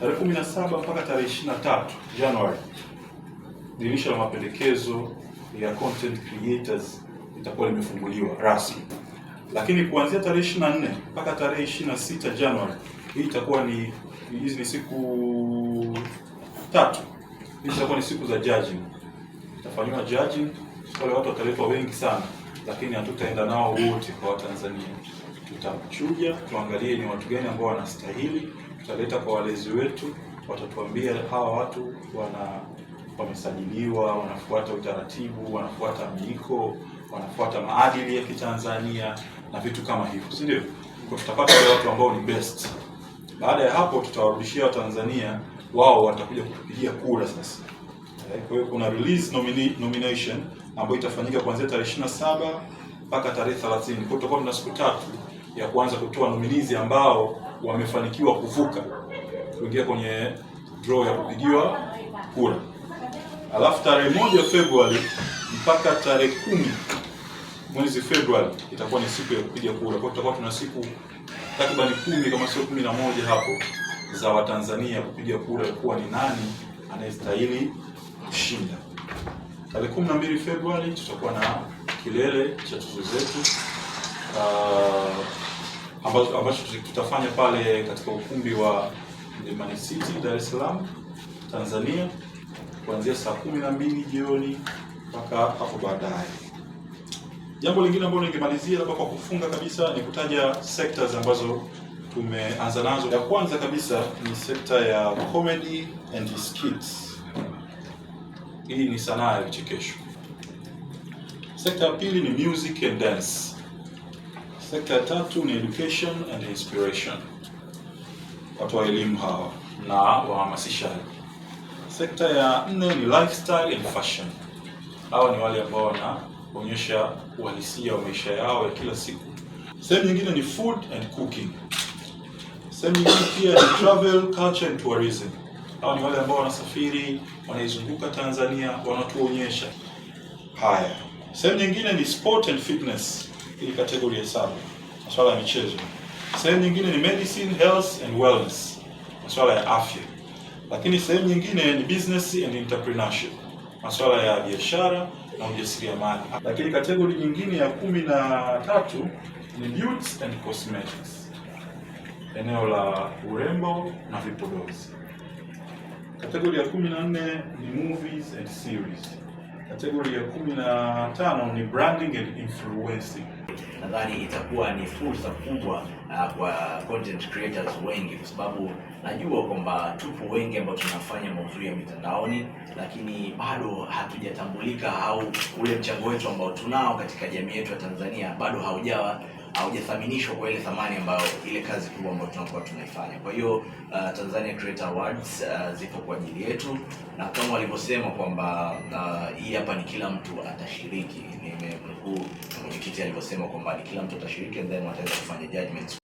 Tarehe 17 mpaka tarehe 23 Januari, dirisha la mapendekezo ya content creators litakuwa limefunguliwa rasmi, lakini kuanzia tarehe 24 mpaka tarehe 26 Januari, hii itakuwa ni hizi ni siku tatu, hizi itakuwa ni siku za judging, itafanywa judging. Wale watu wataletwa wengi sana, lakini hatutaenda nao wote kwa Watanzania, tutachuja tuangalie ni watu gani ambao wanastahili tutaleta kwa walezi wetu, watatuambia hawa watu wana wamesajiliwa, wanafuata utaratibu, wanafuata miiko, wanafuata maadili ya Kitanzania na vitu kama hivyo, si ndio? Kwa tutapata wale watu ambao ni best. Baada ya hapo, tutawarudishia Watanzania, wao watakuja kutupigia kura sasa. Eh, kwa hiyo kuna release nomine, nomination ambayo itafanyika kuanzia tarehe 27 mpaka tarehe 30. Kwa hiyo tutakuwa tuna siku tatu ya kuanza kutoa nominizi ambao wamefanikiwa kuvuka kuingia kwenye draw ya kupigiwa kura, alafu tarehe moja Februari mpaka tarehe kumi mwezi Februari itakuwa ni siku ya kupiga kura. Kwa tutakuwa tuna siku takriban kumi kama sio kumi na moja hapo za Watanzania kupiga kura kuwa ni nani anayestahili kushinda. Tarehe kumi na mbili Februari tutakuwa na kilele cha tuzo zetu uh, ambacho, ambacho tutafanya pale katika ukumbi wa Man City Dar es Salaam Tanzania kuanzia saa kumi na mbili jioni mpaka hapo baadaye. Jambo lingine ambalo ningemalizia labda kwa kufunga kabisa ni kutaja sectors ambazo tumeanza nazo. Ya kwanza kabisa ni sekta ya comedy and skits. Hii ni sanaa ya vichekesho. Sekta ya pili ni music and dance. Sekta ya tatu ni education and inspiration, watu wa elimu hawa na wahamasishaji. Sekta ya nne ni lifestyle and fashion, hawa ni wale ambao wanaonyesha uhalisia wa maisha yao ya kila siku. Sehemu nyingine ni food and cooking. Sehemu nyingine pia ni travel, culture and tourism, hawa ni wale ambao wanasafiri, wanaizunguka Tanzania, wanatuonyesha haya. Sehemu nyingine ni sport and fitness ili kategori ya saba, masuala ya michezo. Sehemu nyingine ni medicine, health and wellness, masuala ya afya. Lakini sehemu nyingine ni business and entrepreneurship, masuala ya biashara na ujasiriamali. Lakini kategori nyingine ya kumi na tatu ni beauty and cosmetics, eneo la urembo na vipodozi. Kategori ya kumi na nne ni movies and series. Kategori ya kumi na tano ni branding and influencing nadhani itakuwa ni fursa kubwa uh, kwa content creators wengi, kwa sababu najua kwamba tupo wengi ambao tunafanya maudhui ya mitandaoni, lakini bado hatujatambulika au ule mchango wetu ambao tunao katika jamii yetu ya Tanzania bado haujawa haujathaminishwa kwa ile thamani ambayo ile kazi kubwa ambayo tunakuwa tunaifanya. Kwa hiyo uh, Tanzania Creator Awards uh, zipo kwa ajili yetu, na kama walivyosema kwamba uh, hii hapa ni kila mtu atashiriki. Nimemnukuu mwenyekiti alivyosema kwamba ni kila mtu atashiriki and then wataweza kufanya judgments.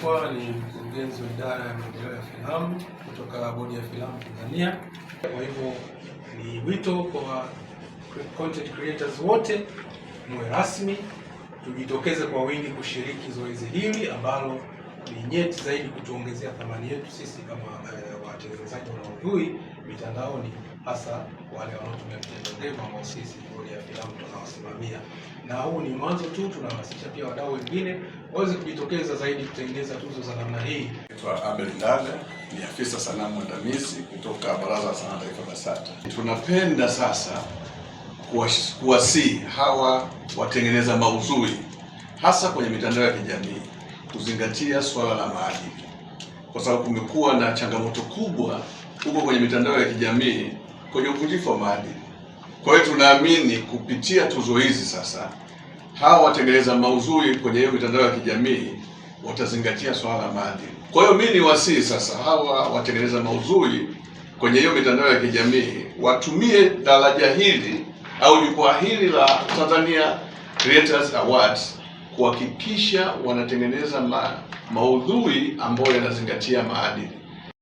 Mkwa ni mkurugenzi wa idara ya maendeleo ya filamu kutoka bodi ya filamu Tanzania. Kwa hivyo ni wito kwa content creators wote muwe rasmi tujitokeze kwa wingi kushiriki zoezi hili ambalo ni nyeti zaidi kutuongezea thamani yetu sisi kama eh, watengenezaji wa maudhui mitandaoni, hasa wale wanaotumia mitandao ndevu ambao sisi Bodi ya Filamu tunawasimamia. Na huu ni mwanzo tu, tunahamasisha pia wadau wengine waweze kujitokeza zaidi kutengeneza tuzo za namna hii. Naitwa Abel Ndale, ni afisa sanaa mwandamizi kutoka Baraza la Sanaa Taifa BASATA. Tunapenda sasa kuwasii hawa watengeneza maudhui hasa kwenye mitandao ya kijamii kuzingatia swala la maadili, kwa sababu kumekuwa na changamoto kubwa huko kwenye mitandao ya kijamii kwenye uvunjifu wa maadili. Kwa hiyo tunaamini kupitia tuzo hizi sasa, hawa watengeneza maudhui kwenye hiyo mitandao ya kijamii watazingatia swala la maadili. Kwa hiyo mimi niwasihi sasa hawa watengeneza maudhui kwenye hiyo mitandao ya kijamii watumie daraja hili au jukwaa hili la Tanzania Creators Awards kuhakikisha wanatengeneza ma maudhui ambayo yanazingatia maadili.